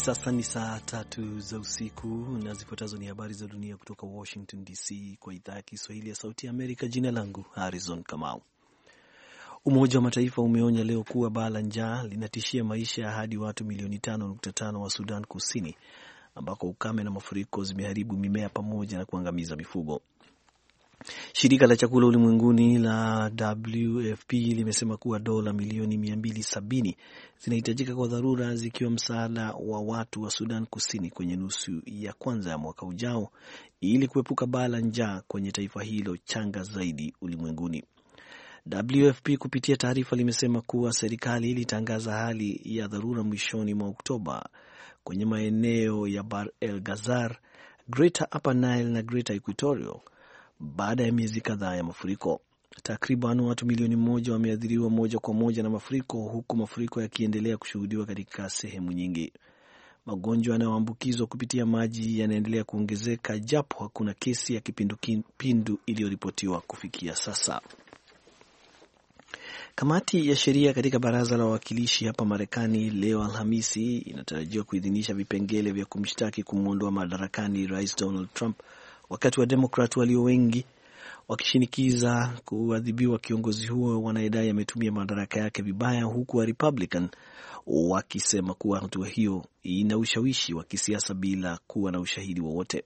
Hivi sasa ni saa tatu za usiku na zifuatazo ni habari za dunia kutoka Washington DC kwa idhaa ya Kiswahili ya Sauti ya Amerika. Jina langu Harrison Kamau. Umoja wa Mataifa umeonya leo kuwa baa la njaa linatishia maisha ya hadi watu milioni 5.5 wa Sudan Kusini ambako ukame na mafuriko zimeharibu mimea pamoja na kuangamiza mifugo. Shirika la chakula ulimwenguni la WFP limesema kuwa dola milioni 270 zinahitajika kwa dharura zikiwa msaada wa watu wa Sudan Kusini kwenye nusu ya kwanza ya mwaka ujao ili kuepuka baa la njaa kwenye taifa hilo changa zaidi ulimwenguni. WFP kupitia taarifa limesema kuwa serikali ilitangaza hali ya dharura mwishoni mwa Oktoba kwenye maeneo ya bar el Ghazal, Greater Upper Nile na Greater Equatorial baada ya miezi kadhaa ya mafuriko. Takriban watu milioni moja wameathiriwa moja kwa moja na mafuriko, huku mafuriko yakiendelea kushuhudiwa katika sehemu nyingi. Magonjwa yanayoambukizwa kupitia maji yanaendelea kuongezeka, japo hakuna kesi ya kipindupindu iliyoripotiwa kufikia sasa. Kamati ya sheria katika baraza la wawakilishi hapa Marekani leo Alhamisi inatarajiwa kuidhinisha vipengele vya kumshtaki kumwondoa madarakani rais Donald Trump wakati wa Demokrat walio wengi wakishinikiza kuadhibiwa kiongozi huo wanayedai ametumia madaraka yake vibaya, huku wa Republican wakisema kuwa hatua hiyo ina ushawishi wa kisiasa bila kuwa na ushahidi wowote.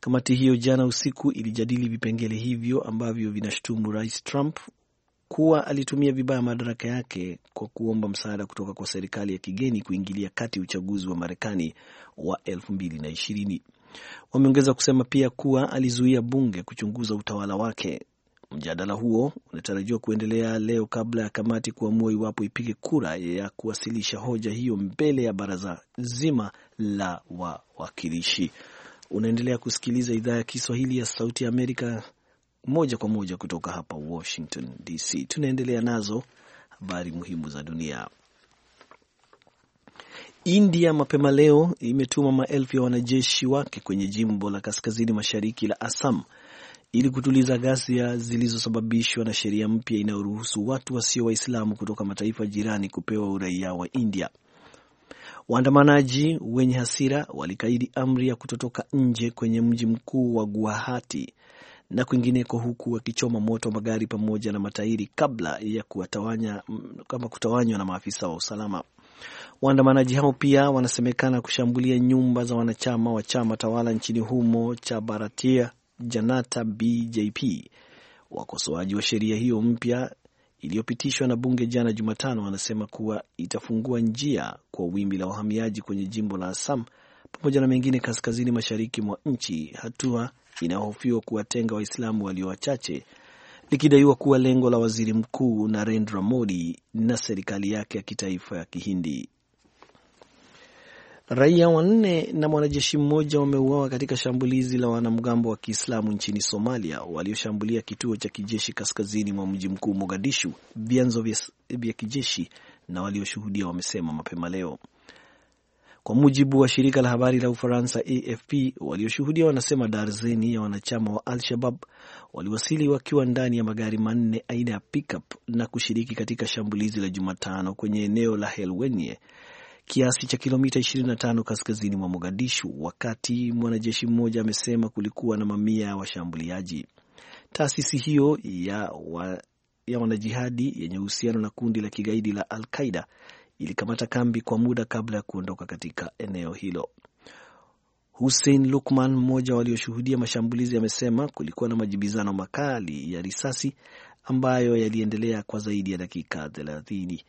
Kamati hiyo jana usiku ilijadili vipengele hivyo ambavyo vinashutumu Rais Trump kuwa alitumia vibaya madaraka yake kwa kuomba msaada kutoka kwa serikali ya kigeni kuingilia kati uchaguzi wa Marekani wa 2020. Wameongeza kusema pia kuwa alizuia bunge kuchunguza utawala wake. Mjadala huo unatarajiwa kuendelea leo kabla ya kamati kuamua iwapo ipige kura ya kuwasilisha hoja hiyo mbele ya baraza zima la wawakilishi. Unaendelea kusikiliza idhaa ya Kiswahili ya Sauti ya Amerika moja kwa moja kutoka hapa Washington DC. Tunaendelea nazo habari muhimu za dunia. India mapema leo imetuma maelfu ya wanajeshi wake kwenye jimbo la kaskazini mashariki la Assam ili kutuliza ghasia zilizosababishwa na sheria mpya inayoruhusu watu wasio Waislamu kutoka mataifa jirani kupewa uraia wa India. Waandamanaji wenye hasira walikaidi amri ya kutotoka nje kwenye mji mkuu wa Guwahati na kwingineko, huku wakichoma moto magari pamoja na matairi kabla ya kutawanywa na maafisa wa usalama. Waandamanaji hao pia wanasemekana kushambulia nyumba za wanachama wa chama tawala nchini humo cha Bharatiya Janata BJP. Wakosoaji wa sheria hiyo mpya iliyopitishwa na bunge jana Jumatano wanasema kuwa itafungua njia kwa wimbi la wahamiaji kwenye jimbo la Assam pamoja na mengine kaskazini mashariki mwa nchi, hatua inayohofiwa kuwatenga Waislamu walio wachache likidaiwa kuwa lengo la waziri mkuu Narendra Modi na serikali yake ya kitaifa ya Kihindi. Raia wanne na mwanajeshi mmoja wameuawa katika shambulizi la wanamgambo wa Kiislamu nchini Somalia walioshambulia kituo cha kijeshi kaskazini mwa mji mkuu Mogadishu, vyanzo vya kijeshi na walioshuhudia wamesema mapema leo, kwa mujibu wa shirika la habari la Ufaransa AFP. Walioshuhudia wanasema darzeni ya wanachama wa Al-Shabab waliwasili wakiwa ndani ya magari manne aina ya pickup na kushiriki katika shambulizi la Jumatano kwenye eneo la Helwenye kiasi cha kilomita 25 kaskazini mwa Mogadishu, wakati mwanajeshi mmoja amesema kulikuwa na mamia ya wa washambuliaji. Taasisi hiyo ya, wa, ya wanajihadi yenye uhusiano na kundi la kigaidi la Al Qaida ilikamata kambi kwa muda kabla ya kuondoka katika eneo hilo. Hussein Lukman, mmoja walioshuhudia mashambulizi, amesema kulikuwa na majibizano makali ya risasi ambayo yaliendelea kwa zaidi ya dakika thelathini.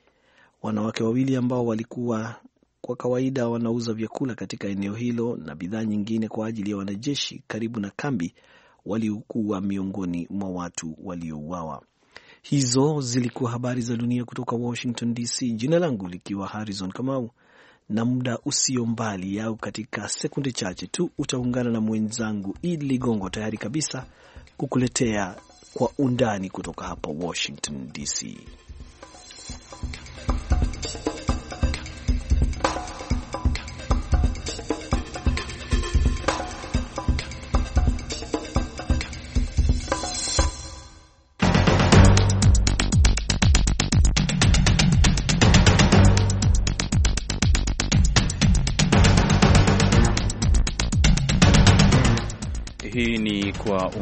Wanawake wawili ambao walikuwa kwa kawaida wanauza vyakula katika eneo hilo na bidhaa nyingine kwa ajili ya wanajeshi karibu na kambi waliokuwa miongoni mwa watu waliouawa. Hizo zilikuwa habari za dunia kutoka Washington DC. Jina langu likiwa Harrison Kamau na muda usio mbali au katika sekunde chache tu utaungana na mwenzangu ed Ligongo tayari kabisa kukuletea kwa undani kutoka hapa Washington DC.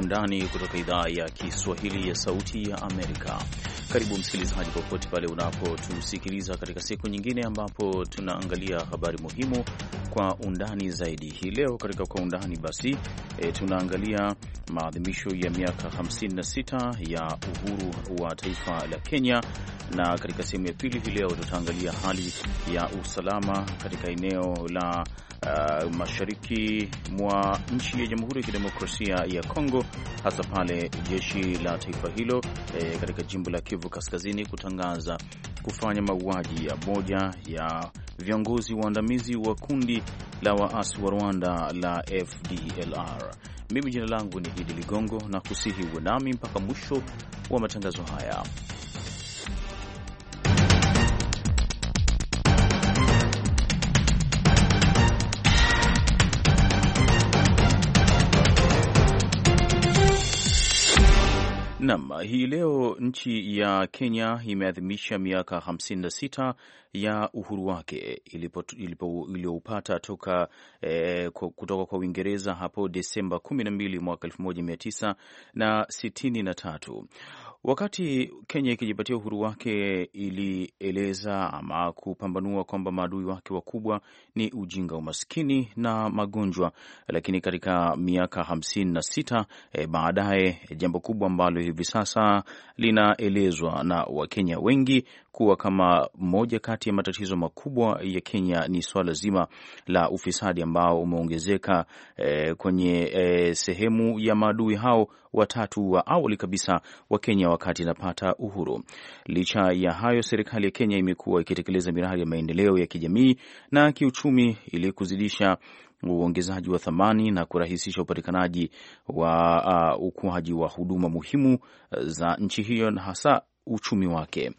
undani kutoka idhaa ya Kiswahili ya Sauti ya Amerika. Karibu msikilizaji, popote pale unapotusikiliza katika siku nyingine ambapo tunaangalia habari muhimu kwa undani zaidi. Hii leo katika kwa undani basi e, tunaangalia maadhimisho ya miaka 56 ya uhuru wa taifa la Kenya, na katika sehemu ya pili hii leo tutaangalia hali ya usalama katika eneo la uh, mashariki mwa nchi ya Jamhuri ya Kidemokrasia ya Kongo, hasa pale jeshi la taifa hilo eh, katika jimbo la Kivu Kaskazini kutangaza kufanya mauaji ya moja ya viongozi waandamizi wa kundi la waasi wa Rwanda la FDLR. Mimi jina langu ni Idi Ligongo na kusihi uwe nami mpaka mwisho wa matangazo haya. nam hii leo nchi ya Kenya imeadhimisha miaka 56 ya uhuru wake iliyoupata toka e, kutoka kwa Uingereza hapo Desemba 12 mwaka 1963. Wakati Kenya ikijipatia uhuru wake ilieleza ama kupambanua kwamba maadui wake wakubwa ni ujinga, umaskini na magonjwa, lakini katika miaka hamsini na sita e, baadaye eh, jambo kubwa ambalo hivi sasa linaelezwa na Wakenya wengi kuwa kama moja kati ya matatizo makubwa ya Kenya ni swala zima la ufisadi ambao umeongezeka e, kwenye e, sehemu ya maadui hao watatu wa awali kabisa wa Kenya wakati inapata uhuru. Licha ya hayo, serikali ya Kenya imekuwa ikitekeleza miradi ya maendeleo ya kijamii na kiuchumi ili kuzidisha uongezaji wa thamani na kurahisisha upatikanaji wa uh, ukuaji wa huduma muhimu uh, za nchi hiyo na hasa uchumi wake.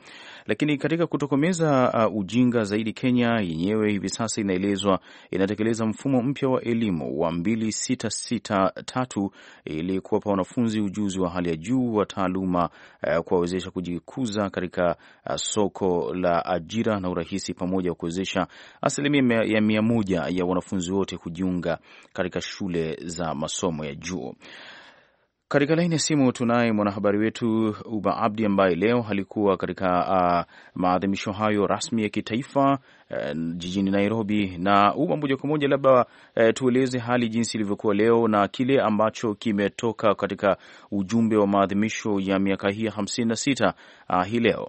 Lakini katika kutokomeza uh, ujinga zaidi, Kenya yenyewe hivi sasa inaelezwa inatekeleza mfumo mpya wa elimu wa 2663 ili kuwapa wanafunzi ujuzi wa hali ya juu wa taaluma uh, kuwawezesha kujikuza katika uh, soko la ajira na urahisi, pamoja wa kuwezesha asilimia ya mia moja ya wanafunzi wote kujiunga katika shule za masomo ya juu. Katika laini ya simu tunaye mwanahabari wetu Uba Abdi ambaye leo alikuwa katika uh, maadhimisho hayo rasmi ya kitaifa uh, jijini Nairobi. Na Uba, moja kwa moja labda uh, tueleze hali jinsi ilivyokuwa leo na kile ambacho kimetoka katika ujumbe wa maadhimisho ya miaka hii ya hamsini na sita uh, hii leo.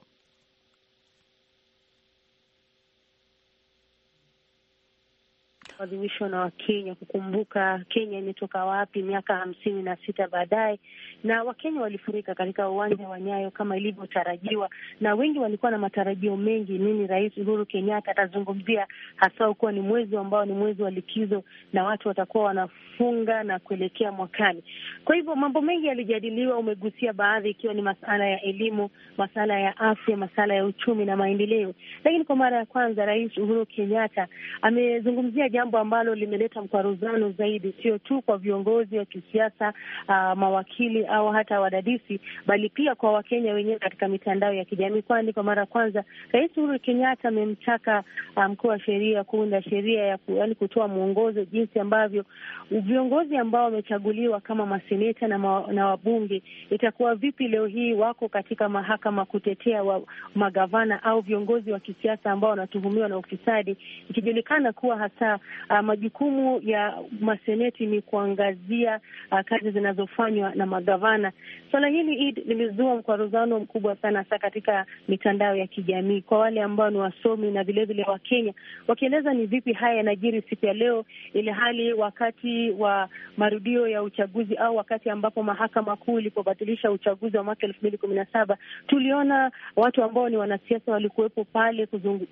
kuadhimishwa na Wakenya kukumbuka Kenya imetoka wapi miaka hamsini na sita baadaye, na Wakenya walifurika katika uwanja wa Nyayo kama ilivyotarajiwa, na wengi walikuwa na matarajio mengi, nini Rais Uhuru Kenyatta atazungumzia, hasa ukuwa ni mwezi ambao ni mwezi wa likizo na watu watakuwa wanafunga na kuelekea mwakani. Kwa hivyo mambo mengi yalijadiliwa, umegusia baadhi, ikiwa ni masala ya elimu, masala ya afya, masala ya uchumi na maendeleo, lakini kwa mara ya kwanza Rais Uhuru Kenyatta amezungumzia jambo jambo ambalo limeleta mkwaruzano zaidi, sio tu kwa viongozi wa kisiasa uh, mawakili au hata wadadisi, bali pia kwa Wakenya wenyewe katika mitandao ya kijamii, kwani kwa mara ya kwanza Rais Uhuru Kenyatta amemtaka ah, mkuu um, wa sheria kuunda sheria ya yani kutoa mwongozo jinsi ambavyo viongozi ambao wamechaguliwa kama maseneta na, ma, na wabunge itakuwa vipi leo hii wako katika mahakama kutetea wa, magavana au viongozi wa kisiasa ambao wanatuhumiwa na ufisadi, ikijulikana kuwa hasa Uh, majukumu ya maseneti ni kuangazia uh, kazi zinazofanywa na magavana. Swala hili id limezua mkwaruzano mkubwa sana hasa katika mitandao ya kijamii, kwa wale ambao ni wasomi na vilevile Wakenya wakieleza ni vipi haya yanajiri siku ya leo, ili hali wakati wa marudio ya uchaguzi au wakati ambapo mahakama kuu ilipobatilisha uchaguzi wa mwaka elfu mbili kumi na saba tuliona watu ambao ni wanasiasa walikuwepo pale kuzungu,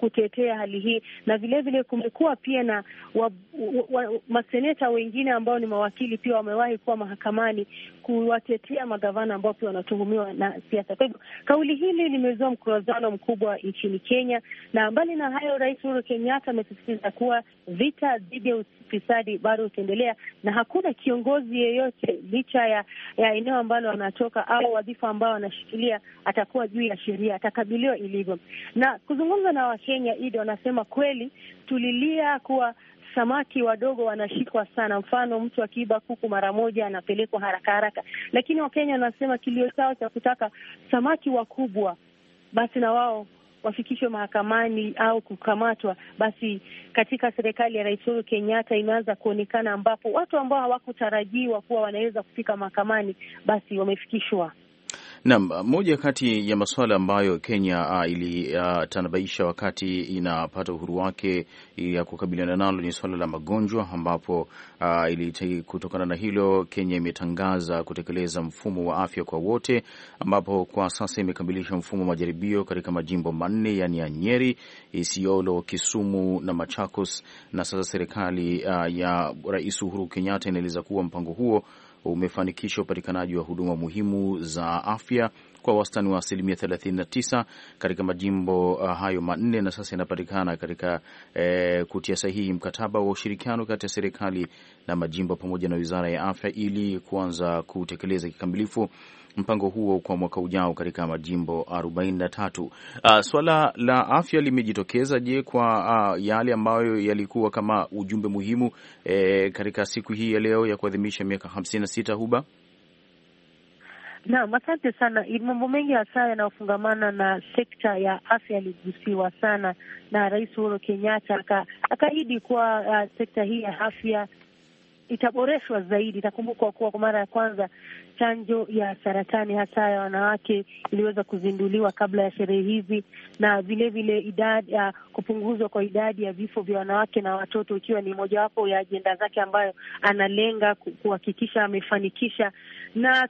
kutetea hali hii na vilevile kumekuwa pia na na wa, wa, wa, maseneta wengine ambao ni mawakili pia wamewahi kuwa mahakamani kuwatetea magavana ambao pia wanatuhumiwa na siasa. Kwa hivyo kauli hili limezua mkurazano mkubwa nchini Kenya, na mbali na hayo, Rais Uhuru Kenyatta amesisitiza kuwa vita dhidi ya ufisadi bado utaendelea na hakuna kiongozi yeyote licha ya, ya eneo ambalo anatoka au wadhifa ambao anashikilia atakuwa juu ya sheria, atakabiliwa ilivyo. Na kuzungumza na Wakenya, ido, wanasema kweli tulilia ku kuwa samaki wadogo wanashikwa sana. Mfano, mtu akiiba kuku mara moja anapelekwa haraka haraka, lakini Wakenya wanasema kilio chao cha kutaka samaki wakubwa, basi na wao wafikishwe mahakamani au kukamatwa. Basi katika serikali ya Rais Uhuru Kenyatta imeanza kuonekana, ambapo watu ambao hawakutarajiwa kuwa wanaweza kufika mahakamani, basi wamefikishwa Nam, moja kati ya masuala ambayo Kenya uh, ah, ilitanabaisha ah, uh, wakati inapata uhuru wake ya kukabiliana nalo ni suala la magonjwa, ambapo uh, ili kutokana na hilo Kenya imetangaza kutekeleza mfumo wa afya kwa wote, ambapo kwa sasa imekamilisha mfumo wa majaribio katika majimbo manne yani ya Nyeri, Isiolo, Kisumu na Machakos, na sasa serikali uh, ya Rais Uhuru Kenyatta inaeleza kuwa mpango huo umefanikisha upatikanaji wa huduma muhimu za afya kwa wastani wa asilimia 39 katika majimbo uh, hayo manne na sasa inapatikana katika e, kutia sahihi mkataba wa ushirikiano kati ya serikali na majimbo pamoja na wizara ya afya ili kuanza kutekeleza kikamilifu mpango huo kwa mwaka ujao katika majimbo 43. Uh, ah, swala la afya limejitokeza je, kwa uh, yale ambayo yalikuwa kama ujumbe muhimu eh, katika siku hii ya leo ya kuadhimisha miaka 56 Huba? Naam, asante sana. Mambo mengi hasa yanayofungamana na sekta ya afya yaligusiwa sana na Rais Uhuru Kenyatta akaahidi kuwa uh, sekta hii ya afya itaboreshwa zaidi. Itakumbukwa kuwa kwa mara ya kwanza chanjo ya saratani hasa ya wanawake iliweza kuzinduliwa kabla ya sherehe hizi, na vilevile idadi ya ah, kupunguzwa kwa idadi ya vifo vya wanawake na watoto, ikiwa ni mojawapo ya ajenda zake ambayo analenga kuhakikisha amefanikisha, na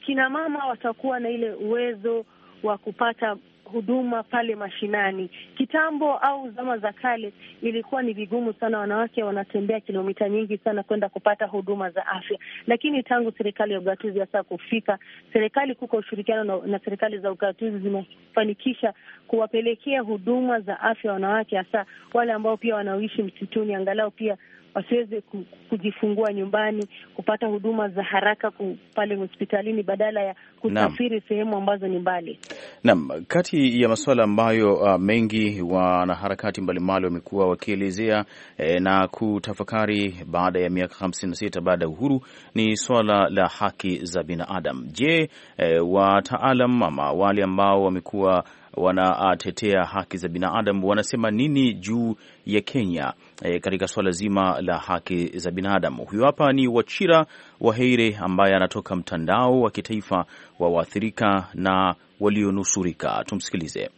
kinamama watakuwa na ile uwezo wa kupata huduma pale mashinani. Kitambo au zama za kale ilikuwa ni vigumu sana, wanawake wanatembea kilomita nyingi sana kwenda kupata huduma za afya, lakini tangu serikali ya ugatuzi hasa kufika, serikali kuko ushirikiano na, na serikali za ugatuzi zimefanikisha kuwapelekea huduma za afya wanawake, hasa wale ambao pia wanaoishi msituni, angalau pia wasiweze kujifungua nyumbani, kupata huduma za haraka pale hospitalini badala ya kusafiri sehemu ambazo ni mbali. Naam, kati ya masuala ambayo uh, mengi wanaharakati mbalimbali wamekuwa wakielezea eh, na kutafakari baada ya miaka hamsini na sita baada ya uhuru ni swala la haki za binadamu. Je, eh, wataalam ama wale ambao wamekuwa wanatetea haki za binadamu wanasema nini juu ya Kenya e, katika suala zima la haki za binadamu. Huyu hapa ni Wachira Waheire ambaye anatoka mtandao wa kitaifa wa waathirika na walionusurika. Tumsikilize.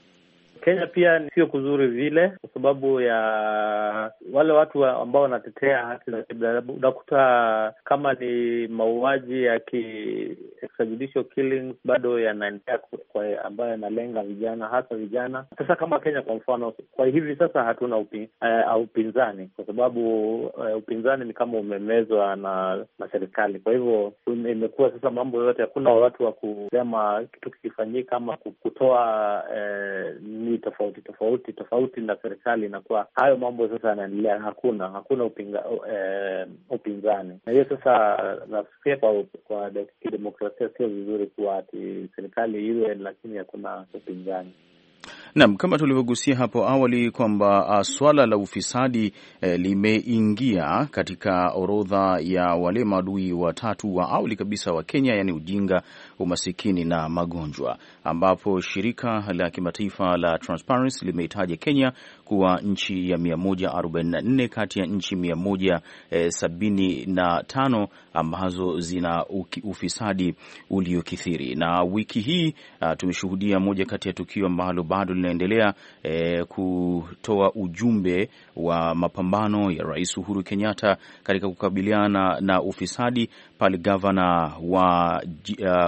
Kenya pia sio kuzuri vile, kwa sababu ya wale watu ambao wanatetea haki za kibinadamu. Unakuta kama ni mauaji ya extrajudicial killings bado yanaendelea, ambayo yanalenga vijana, hasa vijana. Sasa kama Kenya kwa mfano, kwa hivi sasa hatuna upi, uh, upinzani kwa sababu uh, upinzani ni kama umemezwa na na serikali. Kwa hivyo imekuwa sasa mambo yote, hakuna watu wa kusema kitu kikifanyika ama kutoa uh, jamii tofauti tofauti tofauti na serikali, inakuwa hayo mambo sasa yanaendelea, hakuna hakuna upinga, uh, upinzani. Na hiyo sasa nafikiria kwa, kwa kidemokrasia sio vizuri kuwa ati serikali iwe lakini hakuna upinzani. Naam, kama tulivyogusia hapo awali kwamba ah, swala la ufisadi eh, limeingia katika orodha ya wale maadui watatu wa awali kabisa wa Kenya, yani ujinga, umasikini na magonjwa, ambapo shirika la kimataifa la Transparency limeitaja Kenya kuwa nchi ya 144 kati ya nchi 175 eh, ambazo zina ufisadi uliokithiri. Na wiki hii ah, tumeshuhudia moja kati ya tukio ambalo bado linaendelea eh, kutoa ujumbe wa mapambano ya Rais Uhuru Kenyatta katika kukabiliana na ufisadi pale gavana wa,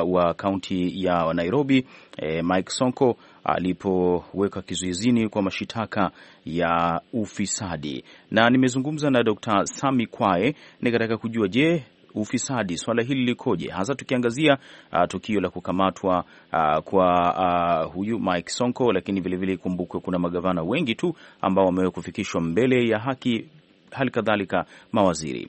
uh, wa wa kaunti ya Nairobi e, Mike Sonko alipoweka kizuizini kwa mashitaka ya ufisadi, na nimezungumza na Dr. Sami Kwae nikataka kujua je, ufisadi swala hili likoje, hasa tukiangazia uh, tukio la kukamatwa uh, kwa uh, huyu Mike Sonko, lakini vilevile ikumbukwe kuna magavana wengi tu ambao wamewe kufikishwa mbele ya haki, hali kadhalika mawaziri.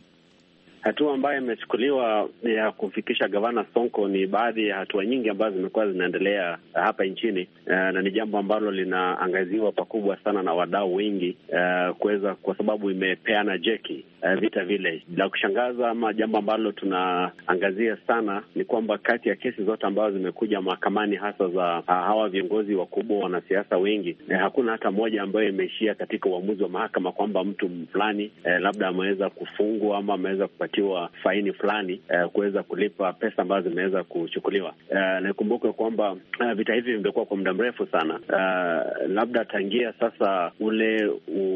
Hatua ambayo imechukuliwa ya kumfikisha gavana Sonko ni baadhi ya hatua nyingi ambazo zimekuwa zinaendelea hapa nchini, uh, na ni jambo ambalo linaangaziwa pakubwa sana na wadau wengi uh, kuweza, kwa sababu imepeana jeki uh, vita vile. La kushangaza ama jambo ambalo tunaangazia sana ni kwamba kati ya kesi zote ambazo zimekuja mahakamani, hasa za uh, hawa viongozi wakubwa, wanasiasa wengi, eh, hakuna hata moja ambayo imeishia katika uamuzi wa mahakama kwamba mtu fulani eh, labda ameweza kufungwa ama ameweza kupatiwa faini fulani eh, kuweza kulipa pesa ambazo zimeweza kuchukuliwa. Eh, nikumbuke kwamba uh, vita hivi vimekuwa kwa muda mrefu sana uh, labda tangia sasa ule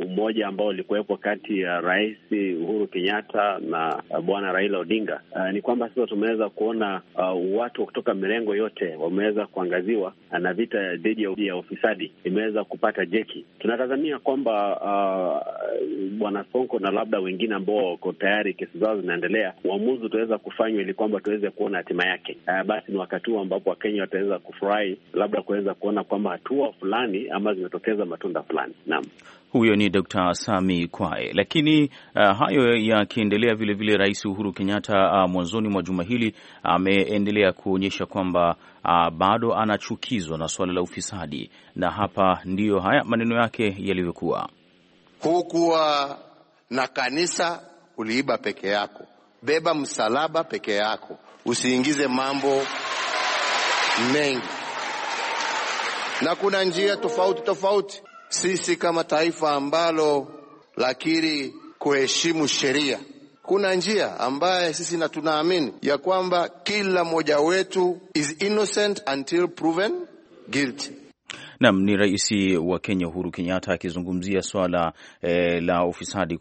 umoja ambao ulikuwepo kati ya rais Uhuru Kenyatta na uh, bwana Raila Odinga, uh, ni kwamba sasa tumeweza kuona uh, watu kutoka mirengo yote wameweza kuangaziwa uh, na vita dhidi ya ufisadi imeweza kupata jeki. Tunatazamia kwamba uh, bwana Sonko na labda wengine ambao wako tayari kesi zao zinaendelea, uamuzi utaweza kufanywa ili kwamba tuweze kuona hatima yake. Uh, basi ni wakati huu ambapo Wakenya wataweza kufurahi labda kuweza kuona kwamba hatua fulani ama zimetokeza matunda fulani. Naam. Huyo ni Dr. Sami Kwae. Lakini uh, hayo yakiendelea, vilevile Rais Uhuru Kenyatta uh, mwanzoni mwa juma hili ameendelea uh, kuonyesha kwamba uh, bado anachukizwa na suala la ufisadi, na hapa ndiyo haya maneno yake yaliyokuwa: hukuwa na kanisa, uliiba peke yako, beba msalaba peke yako, usiingize mambo mengi, na kuna njia tofauti tofauti sisi kama taifa ambalo lakiri kuheshimu sheria, kuna njia ambaye sisi na tunaamini ya kwamba kila mmoja wetu is innocent until proven guilty. Nam ni Rais wa Kenya Uhuru Kenyatta akizungumzia swala e, la ufisadi,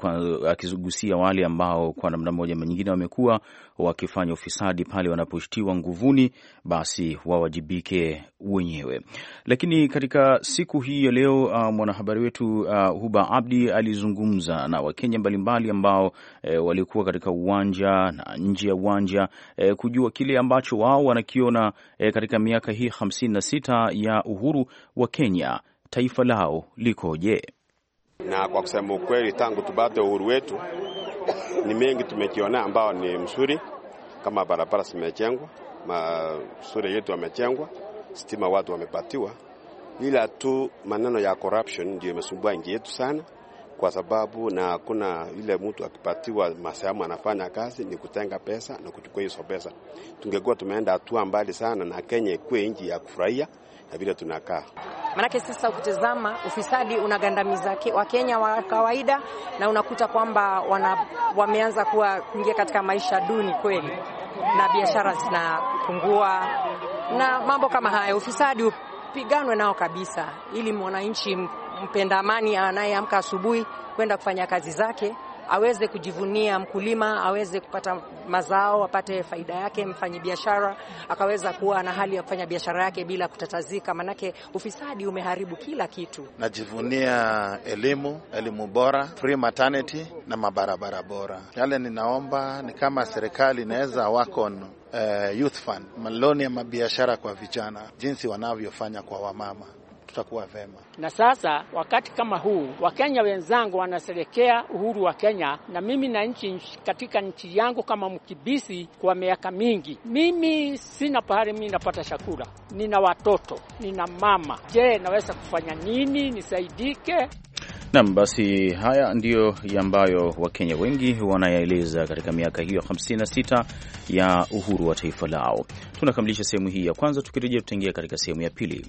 akigusia wale ambao kwa namna moja nyingine wamekuwa wakifanya ufisadi pale wanaposhtiwa nguvuni, basi wawajibike wenyewe. Lakini katika siku hii ya leo uh, mwanahabari wetu uh, Huba Abdi alizungumza na Wakenya mbalimbali ambao e, walikuwa katika uwanja na nje ya uwanja e, kujua kile ambacho wao wanakiona e, katika miaka hii hamsini na sita ya uhuru wa wa Kenya, taifa lao likoje? Na kwa kusema ukweli, tangu tupate uhuru wetu ni mengi tumekiona ambao ni mzuri kama barabara zimejengwa, mashule yetu yamejengwa, stima watu wamepatiwa, ila tu maneno ya corruption ndio imesumbua nchi yetu sana, kwa sababu na hakuna ile mtu akipatiwa masehemu anafanya kazi ni kutenga pesa na kuchukua hizo pesa. Tungekuwa tumeenda hatua mbali sana, na Kenya ikuwe nchi ya kufurahia na vile tunakaa. Maanake sasa ukitazama ufisadi unagandamiza Wakenya wa kawaida, na unakuta kwamba wana, wameanza kuwa kuingia katika maisha duni kweli, na biashara zinapungua na mambo kama hayo. Ufisadi upiganwe nao kabisa, ili mwananchi mpenda amani anayeamka asubuhi kwenda kufanya kazi zake aweze kujivunia mkulima, aweze kupata mazao, apate faida yake, biashara akaweza kuwa na hali ya kufanya biashara yake bila kutatazika, manake ufisadi umeharibu kila kitu. Najivunia elimu, elimu bora, free maternity na mabarabara bora. Yale ninaomba ni kama serikali inaweza wako Uh, eh, youth fund maloni ya mabiashara kwa vijana, jinsi wanavyofanya kwa wamama tutakuwa vema. Na sasa wakati kama huu, Wakenya wenzangu wanaserekea uhuru wa Kenya na mimi na nchi katika nchi yangu kama mkibisi kwa miaka mingi, mimi sina pahali mimi napata chakula, nina watoto, nina mama. Je, naweza kufanya nini nisaidike? Nam, basi haya ndiyo ambayo Wakenya wengi wanayaeleza katika miaka hiyo 56 ya uhuru wa taifa lao. Tunakamilisha sehemu hii ya kwanza, tukirejea tutaingia katika sehemu ya pili.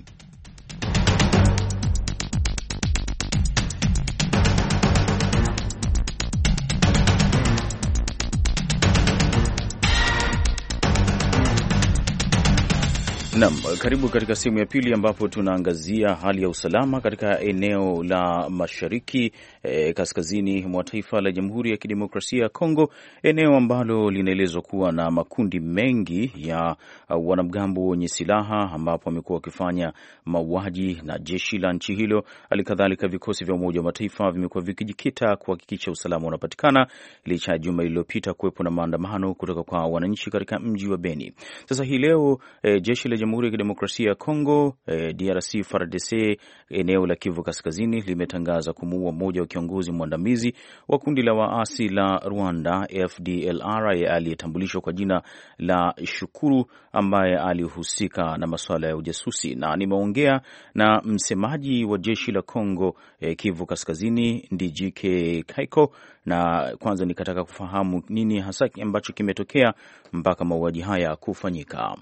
Nam, karibu katika sehemu ya pili ambapo tunaangazia hali ya usalama katika eneo la mashariki eh, kaskazini mwa taifa la Jamhuri ya Kidemokrasia ya Kongo, eneo ambalo linaelezwa kuwa na makundi mengi ya uh, wanamgambo wenye silaha ambapo wamekuwa wakifanya mauaji, na jeshi la nchi hilo halikadhalika vikosi vya Umoja wa Mataifa vimekuwa vikijikita kuhakikisha usalama unapatikana, licha ya juma lililopita kuwepo na maandamano kutoka kwa wananchi katika mji wa Beni. Sasa hii leo eh, jeshi la Jamhuri ya Kidemokrasia ya Kongo eh, DRC FARDC eneo la Kivu Kaskazini limetangaza kumuua mmoja wa kiongozi mwandamizi wa kundi la waasi la Rwanda FDLR eh, aliyetambulishwa kwa jina la Shukuru ambaye alihusika na masuala ya ujasusi, na nimeongea na msemaji wa jeshi la Kongo eh, Kivu Kaskazini DGK Kaiko, na kwanza nikataka kufahamu nini hasa ambacho kimetokea mpaka mauaji haya kufanyika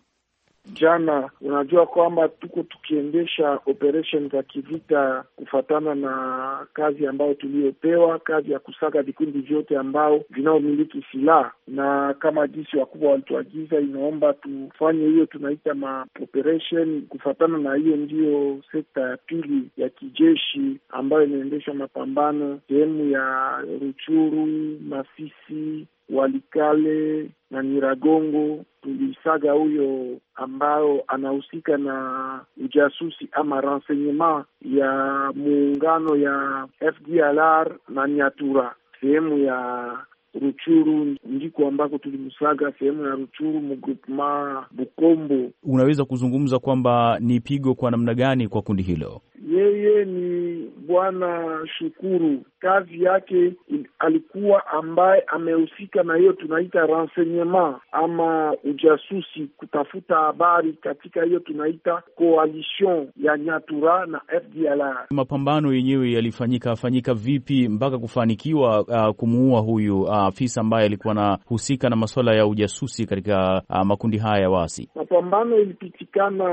jana. Unajua kwamba tuko tukiendesha operation za kivita kufatana na kazi ambayo tuliyopewa, kazi ya kusaga vikundi vyote ambao vinaomiliki silaha, na kama jinsi wakubwa walituagiza, inaomba tufanye hiyo, tunaita ma operation kufatana na hiyo. Ndiyo sekta ya pili ya kijeshi ambayo inaendesha mapambano sehemu ya Ruchuru, Masisi, Walikale na Nyiragongo tulisaga huyo ambayo anahusika na ujasusi ama renseignement ya muungano ya FDLR na Nyatura sehemu ya Ruchuru ndiko ambako tulimsaga sehemu ya Ruchuru mgrupema Bukombo. Unaweza kuzungumza kwamba ni pigo kwa namna gani kwa kundi hilo? Yeye ni Bwana Shukuru kazi yake alikuwa ambaye amehusika na hiyo tunaita renseignement ama ujasusi, kutafuta habari katika hiyo tunaita coalition ya Nyatura na FDLR. Mapambano yenyewe yalifanyika fanyika vipi mpaka kufanikiwa uh, kumuua huyu uh, afisa uh, ambaye alikuwa anahusika na masuala ya ujasusi katika uh, makundi haya ya waasi? Mapambano ilipitikana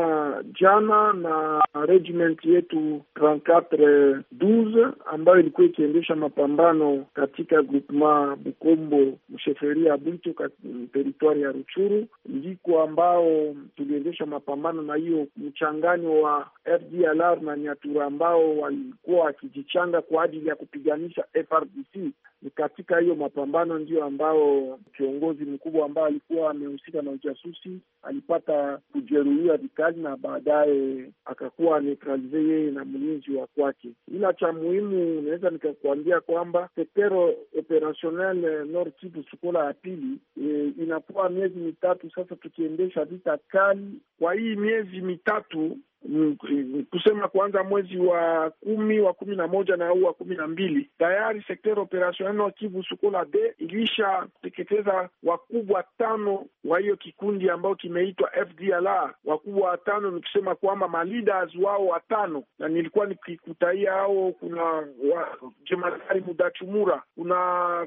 jana na regiment yetu 3412 ambayo ilikuwa ikiendea kuendesha mapambano katika grupema Bukombo, Msheferia, Bwito, teritwari ya Ruchuru, ndiko ambao tuliendesha mapambano na hiyo mchanganyo wa FDLR na Nyatura ambao walikuwa wakijichanga kwa ajili ya kupiganisha FRDC ni katika hiyo mapambano ndiyo ambao kiongozi mkubwa ambaye alikuwa amehusika na ujasusi alipata kujeruhiwa vikali, na baadaye akakuwa neutralize yeye na mlinzi wa kwake. Ila cha muhimu inaweza nikakuambia kwamba sektero operationel Nord Kivu Sukola ya pili e, inakuwa miezi mitatu sasa tukiendesha vita kali. Kwa hii miezi mitatu Mm, kusema kuanza mwezi wa kumi wa kumi na moja na au wa kumi na mbili tayari sekter operasional wa Kivu Sukola de ilisha wakubwa tano wa hiyo kikundi ambao kimeitwa FDLR. Wakubwa watano ni kusema kwamba maleaders wao watano, na nilikuwa nikikutaia hao, kuna jemadari Mudachumura, kuna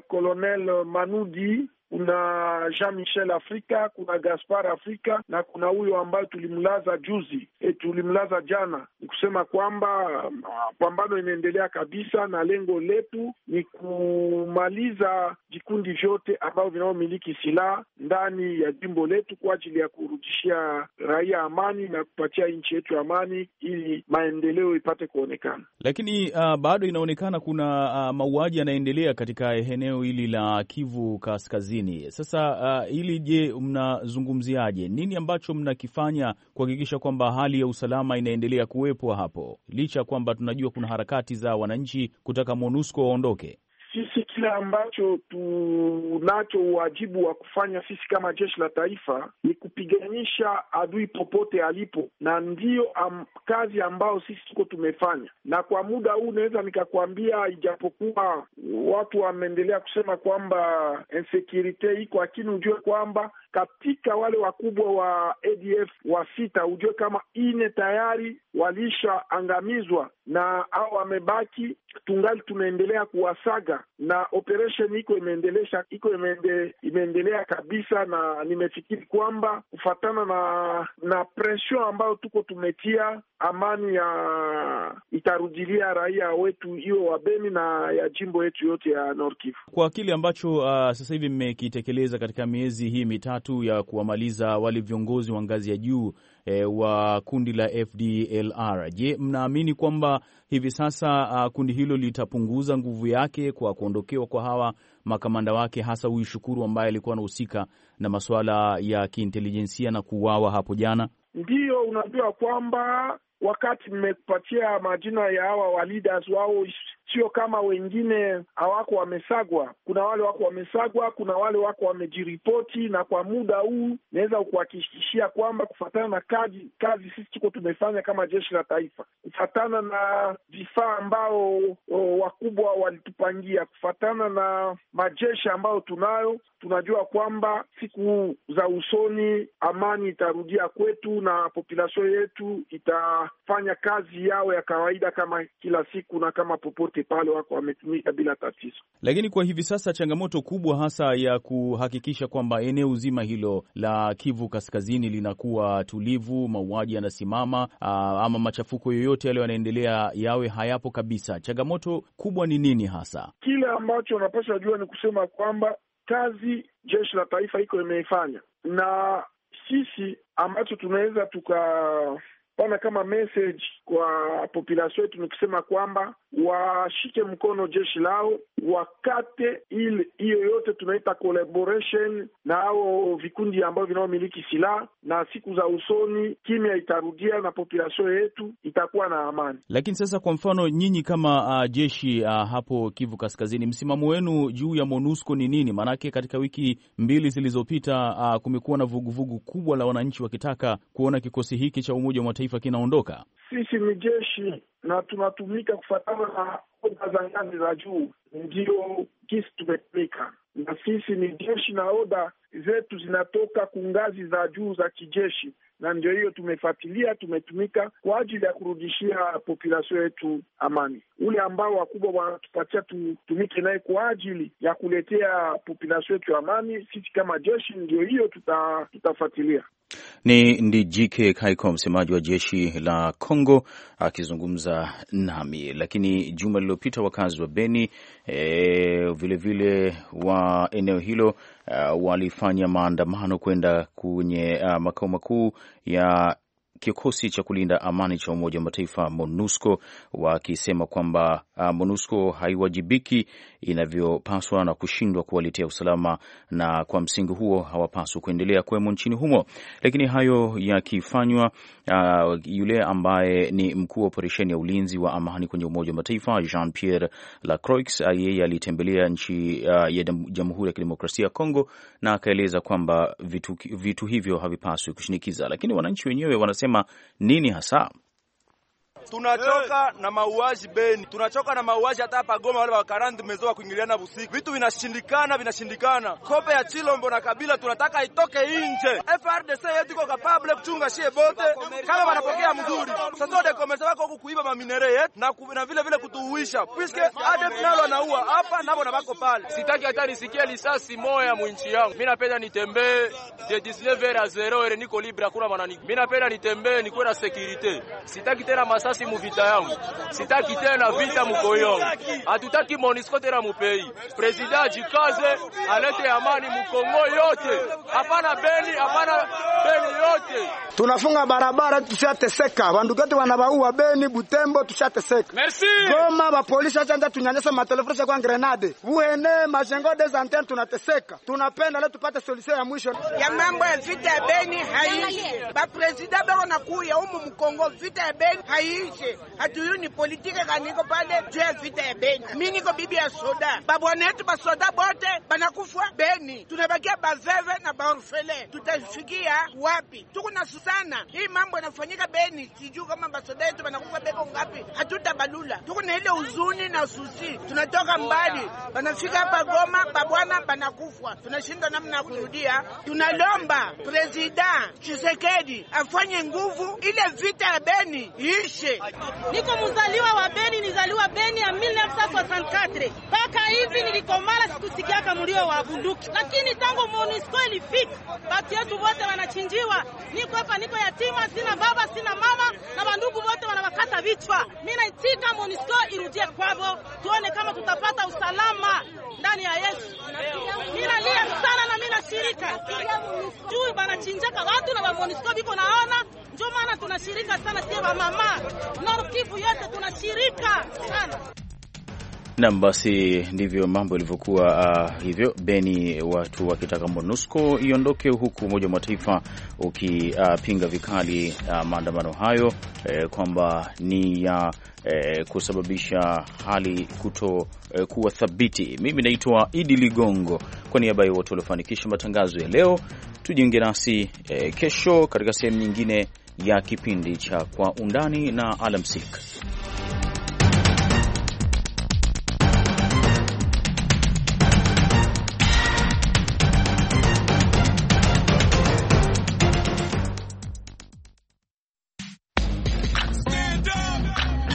kolonel Manudi kuna Jean Michel Afrika, kuna Gaspar Afrika na kuna huyo ambayo tulimlaza juzi e, tulimlaza jana. Ni kusema kwamba um, mapambano inaendelea kabisa, na lengo letu ni kumaliza vikundi vyote ambavyo vinavyomiliki silaha ndani ya jimbo letu kwa ajili ya kurudishia raia amani na kupatia nchi yetu amani ili maendeleo ipate kuonekana. Lakini uh, bado inaonekana kuna uh, mauaji yanaendelea katika eneo hili la Kivu Kaskazini nini sasa? Uh, ili je, mnazungumziaje? Nini ambacho mnakifanya kuhakikisha kwamba hali ya usalama inaendelea kuwepo hapo, licha ya kwamba tunajua kuna harakati za wananchi kutaka MONUSCO waondoke? sisi kile ambacho tunacho uwajibu wa kufanya sisi kama jeshi la taifa ni kupiganisha adui popote alipo, na ndiyo am, kazi ambayo sisi tuko tumefanya. Na kwa muda huu naweza nikakwambia, ijapokuwa watu wameendelea kusema kwamba insecurity iko, lakini hujue kwamba katika wale wakubwa wa ADF wa sita, hujue kama ine tayari walishaangamizwa na au wamebaki, tungali tunaendelea kuwasaga na operation iko imeendelesha iko imeende, imeendelea kabisa, na nimefikiri kwamba kufatana na na pression ambayo tuko tumetia, amani ya itarudilia raia wetu hiyo wa Beni na ya jimbo yetu yote ya North Kivu, kwa kile ambacho uh, sasa hivi mmekitekeleza katika miezi hii mitatu tatu ya kuwamaliza wale viongozi wa ngazi ya juu e, wa kundi la FDLR. Je, mnaamini kwamba hivi sasa a, ah, kundi hilo litapunguza nguvu yake kwa kuondokewa kwa hawa makamanda wake, hasa huyu Shukuru ambaye alikuwa anahusika na masuala ya kiintelijensia na kuuawa hapo jana? Ndiyo unaambiwa kwamba wakati mmepatia majina ya hawa wa leaders wao, sio kama wengine hawako wamesagwa. Kuna wale wako wamesagwa, kuna wale wako wamejiripoti, na kwa muda huu naweza kuhakikishia kwamba kufatana na kazi kazi sisi tuko tumefanya kama jeshi la taifa, kufatana na vifaa ambao wakubwa walitupangia, kufatana na majeshi ambayo tunayo, tunajua kwamba siku za usoni amani itarudia kwetu na population yetu itafanya kazi yao ya kawaida kama kila siku na kama popote pale wako wametumika bila tatizo. Lakini kwa hivi sasa changamoto kubwa hasa ya kuhakikisha kwamba eneo zima hilo la Kivu Kaskazini linakuwa tulivu, mauaji yanasimama, ah, ama machafuko yoyote yale yanaendelea yawe hayapo kabisa. Changamoto kubwa ni nini hasa? Kile ambacho unapaswa jua ni kusema kwamba kazi jeshi la taifa iko imeifanya na sisi ambacho tunaweza tuka pana kama message kwa population yetu, ni kusema kwamba washike mkono jeshi lao, wakate hiyo yote tunaita collaboration na hao vikundi ambavyo vinaomiliki silaha, na siku za usoni kimya itarudia na population yetu itakuwa na amani. Lakini sasa, kwa mfano nyinyi kama uh, jeshi uh, hapo Kivu Kaskazini, msimamo wenu juu ya MONUSCO ni nini? Maanake katika wiki mbili zilizopita uh, kumekuwa na vuguvugu kubwa la wananchi wakitaka kuona kikosi hiki cha Umoja wa Mataifa taifa kinaondoka? Sisi ni jeshi na tunatumika kufatana na oda za ngazi za juu, ndio kisi tumetumika na sisi ni jeshi na oda zetu zinatoka ku ngazi za juu za kijeshi na ndio hiyo tumefuatilia, tumetumika kwa ajili ya kurudishia populasio yetu amani. Ule ambao wakubwa wanatupatia tutumike naye kwa ajili ya kuletea populasio yetu amani, sisi kama jeshi, ndio hiyo tuta, tutafuatilia. Ni JK Kaiko, msemaji wa jeshi la congo akizungumza nami. Lakini juma lililopita wakazi wa Beni vilevile eh, vile wa eneo hilo uh, walifanya maandamano kwenda kwenye uh, makao makuu ya kikosi cha kulinda amani cha Umoja wa Mataifa MONUSCO wakisema kwamba uh, MONUSCO haiwajibiki inavyopaswa na kushindwa kuwaletea usalama, na kwa msingi huo hawapaswi kuendelea kuwemo nchini humo. Lakini hayo yakifanywa, uh, yule ambaye ni mkuu wa operesheni ya ulinzi wa amani kwenye Umoja wa Mataifa Jean Pierre Lacroix, ah, yeye alitembelea nchi uh, ya Jamhuri ya Kidemokrasia ya Kongo na akaeleza kwamba vitu, vitu hivyo havipaswi kushinikiza, lakini wananchi wenyewe wanasema anasema nini hasa. Tunachoka na mauaji Beni, tunachoka na mauaji hata hapa Goma, wale wakarandi tumezoa kuingiliana busiku, vitu vinashindikana, vinashindikana. Kope ya Chilombo na Kabila tunataka itoke nje. FRDC yetu iko kapable kuchunga shie bote, kama wanapokea mzuri. Sasa de komesa wako huku kuiba maminere yetu na, na vile vile kutuuisha, puisque ade nalo anaua hapa nabo na bako pale. Sitaki hata nisikie lisasi moya mwinchi yangu. Mimi napenda nitembee de 19h a 0h, niko libre, hakuna manani. Mimi napenda nitembee, nikuwe na security, sitaki tena masasi si muvita yangu, sitaki tena vita mukoyongo, hatutaki Monisco tena mupei. Prezida ajikaze alete amani mukongo yote, hapana Beni, hapana Beni yote. Tunafunga barabara tushateseka, wandugu wetu wanabaua Beni, Butembo tushateseka. Merci. Goma ba polisi tunyanyasa matelefoni kwa grenade. Buhene majengo des antennes tunateseka. Tunapenda leo tupate solution ya mwisho. Ya mambo ya vita ya Beni haishi. Ba bako nakuya humu mkongo vita ya Beni haishi tuishe. Hatuyu ni politike kaniko pale juu ya vita ya Beni. Mimi niko bibi ya soda, babwana yetu basoda bote banakufwa Beni, tunabakia bazeve na baorfele. Tutafikia wapi? Tukuna susana hii mambo yanafanyika Beni, sijuu kama basoda yetu banakufa beko ngapi, hatutabalula. Tukuna ile uzuni na susi, tunatoka mbali, banafika hapa Goma, babwana banakufwa, tunashinda namna ya kurudia. Tunalomba Prezida Chisekedi afanye nguvu, ile vita ya Beni iishe. Niko mzaliwa wa Beni, nizaliwa Beni ya 1964 mpaka hivi nilikomala, sikusikiaka mlio wa bunduki, lakini tangu MONUSCO ilifika batu yetu wote wanachinjiwa. Niko hapa, niko yatima, sina baba, sina mama, na bandugu wote wanawakata vichwa. Mimi naitika MONUSCO irudie kwavo, tuone kama tutapata usalama ndani ya Yesu. Mimi nalia sana na minashirika nashirika juu banachinjaka watu na ba viko naona ndio maana tunashirika sana sie wamama Nord Kivu yote tunashirika sana. Nam, basi ndivyo mambo yalivyokuwa. Uh, hivyo Beni watu wakitaka MONUSCO iondoke huku Umoja wa Mataifa ukipinga uh, vikali uh, maandamano hayo eh, kwamba ni ya uh, eh, kusababisha hali kuto eh, kuwa thabiti. Mimi naitwa Idi Ligongo kwa niaba ya wote waliofanikisha matangazo ya leo. Tujiunge nasi eh, kesho katika sehemu nyingine ya kipindi cha Kwa Undani na alamsik.